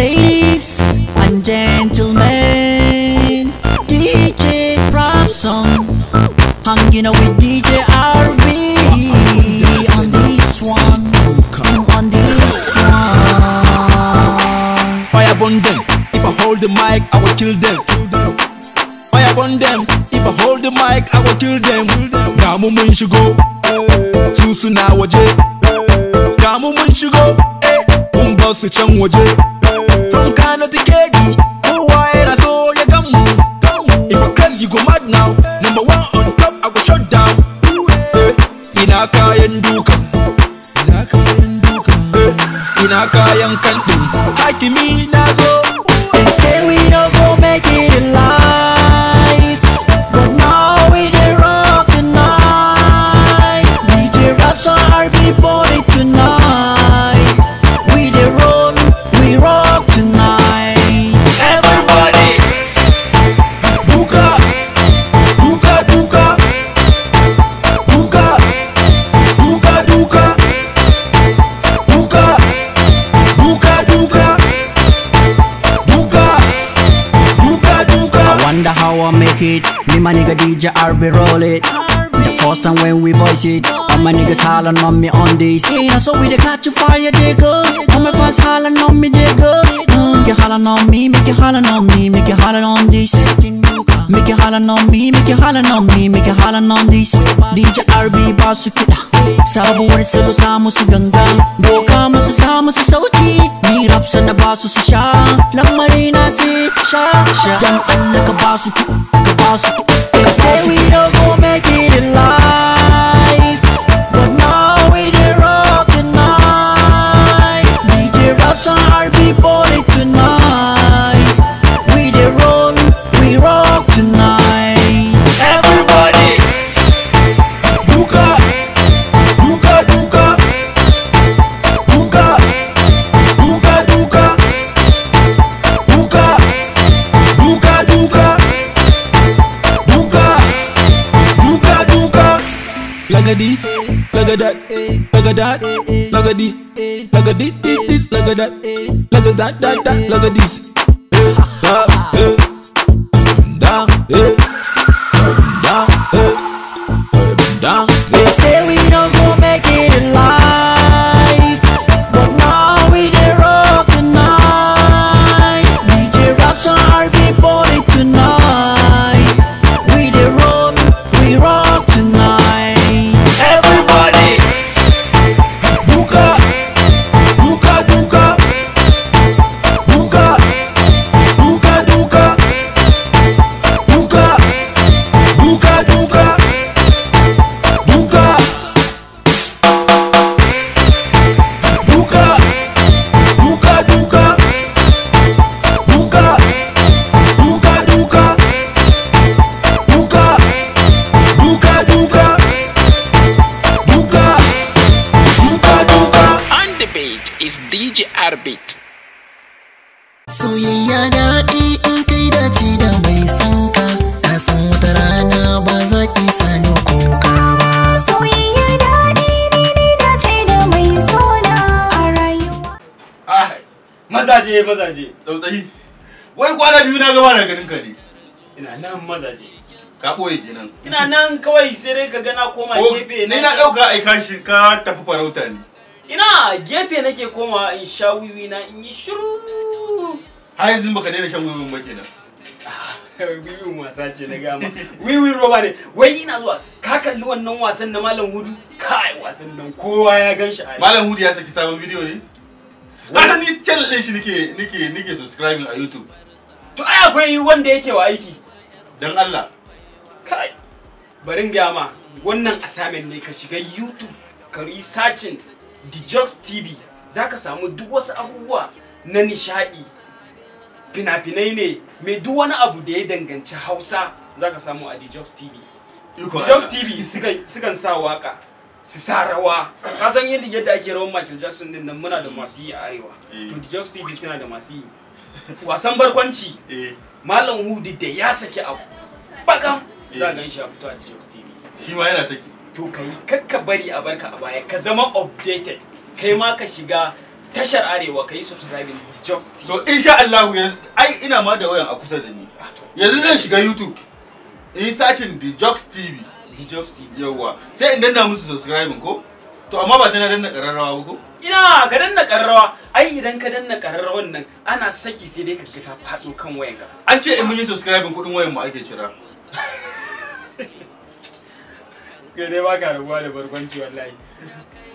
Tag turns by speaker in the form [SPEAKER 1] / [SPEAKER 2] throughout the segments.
[SPEAKER 1] Ladies and gentlemen, DJ Prop Song, hanging out with DJ RB on this one, on this one. Fire burn them. If I hold the mic, I will kill them. Fire burn them. If I hold the mic, I will kill them. Come Ga mu mun shigo, su suna waje. Ga mu mun shigo, eh, mun ba su can waje. From Ghana to KD, oh why and I saw you come If I crazy, go mad now. Number one on top, I go shut down. Ina kayan dukan, ina kayan dukan, ina kayan kantin. Hakimi na my nigga DJ R, roll it The first time when we voice it All my niggas hollin' on me on this Yeah, so we the catch a fire, nigga All my fans hollin' on me, nigga Make You hollin' on me, make you hollin' on me Make you hollin' on this Make you hollin' on me, make you hollin' on me Make you hollin' on this DJ RB basu kiɗa Sabuwar salo samu su ganga Doka musu samu su sauci Ni rap sana basu su sha Lang na sai sha sha Dan Allah ka basu ka basu we all to make it in life But now we a this, look a that, look a that, look a this, look a this, this, this, look at that, look a that, that, that, look a this. Down, down, down, heartbeat soyayya daɗi in kai dace da mai sanka na san wata rana ba za ki sani kuka ba soyayya daɗi ne ne dace da mai sona a rayuwa mazaje mazaje tsautsayi wai kwana biyu na gaba na ganin ka ne ina nan mazaje ka ɓoye kenan ina nan kawai sai dai ka gana koma gefe na ina ɗauka aika shi ka tafi farauta ne ina gefe nake koma in sha wiwi na in yi shiru hai zin baka daina shan wiwi ba kenan ah, wiwin wasa ce na gama wiwi roba ne wai ina zuwa ka kalli wannan wasan na malam hudu kai wasan nan kowa ya gan shi malam hudu ya saki sabon bidiyo ne ka san ni channel din shi nake nake nake subscribing a youtube to ai akwai wanda yake wa aiki dan Allah kai bari gama wannan assignment ne ka shiga youtube ka yi searching Jokes TV za ka samu duk wasu abubuwa na nishaɗi fina-finai ne mai duk wani abu da ya danganci hausa za ka samu a Jokes TV. Jokes TV sukan sa waka su sa rawa ka san yadda yadda ake rawan Michael Jackson din nan muna da mm. masu yi a arewa eh. to Jokes TV suna da masu yi wasan barkwanci eh. Malam Hudu da ya saki abu bakam eh. za ka gan shi a fito a Jokes TV. Shi ma yana saki. to ka yi kakka bari a barka a baya ka zama updated kai ma ka shiga tashar arewa ka yi subscribing jobs tv to insha Allah yanzu ai ina ma da wayan a kusa da ni ah, yanzu zan shiga youtube in searching the jobs tv the jobs tv yawa sai in danna musu subscribing ko to amma ba sai na danna kararrawa ba ko ina ka danna kararrawa ai idan ka danna kararrawan nan ana saki sai dai ka kika fado kan wayanka an ce in mun yi subscribing kudin wayan mu ake cira kai dai baka rabuwa da barkwanci wallahi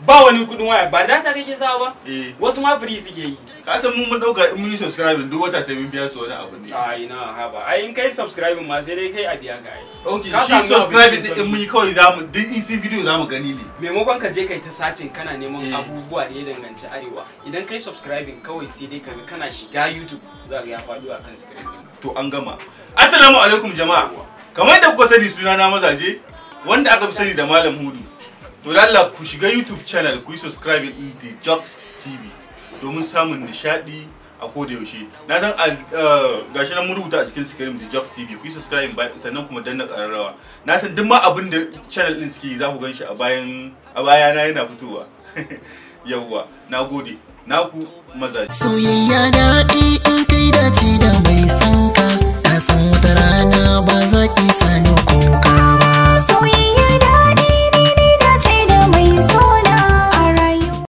[SPEAKER 1] ba wani kudin waya ba data kake sa ba eh. wasu ma free suke yi ka san mu mun dauka in mun yi subscribe duk wata sai mun biya su wani abu ne ai na ha ba ai in kai subscribe ma sai dai kai a biya ka ai okay shi subscribe din in mun yi kawai zamu duk in sai video zamu gani ne maimakon ka je kai ta searching kana neman eh. abubuwa da ya danganci arewa idan kai subscribe kawai sai dai kaga kana shiga YouTube za ka ya faɗo akan screen to an gama assalamu alaikum jama'a kamar da kuka sani sunana mazaje wanda aka fi sani da malam hudu to Allah ku shiga youtube channel ku yi subscribe din the jobs tv domin samun nishadi a ko da yaushe na san ah, gashi nan mun rubuta a cikin screen the jobs tv ku yi subscribe sannan kuma danna kararrawa na san duk ma abin da channel din suke za ku ganshi a bayan a bayana yana fitowa yawwa nagode naku mazaje soyayya daɗi in kai da ci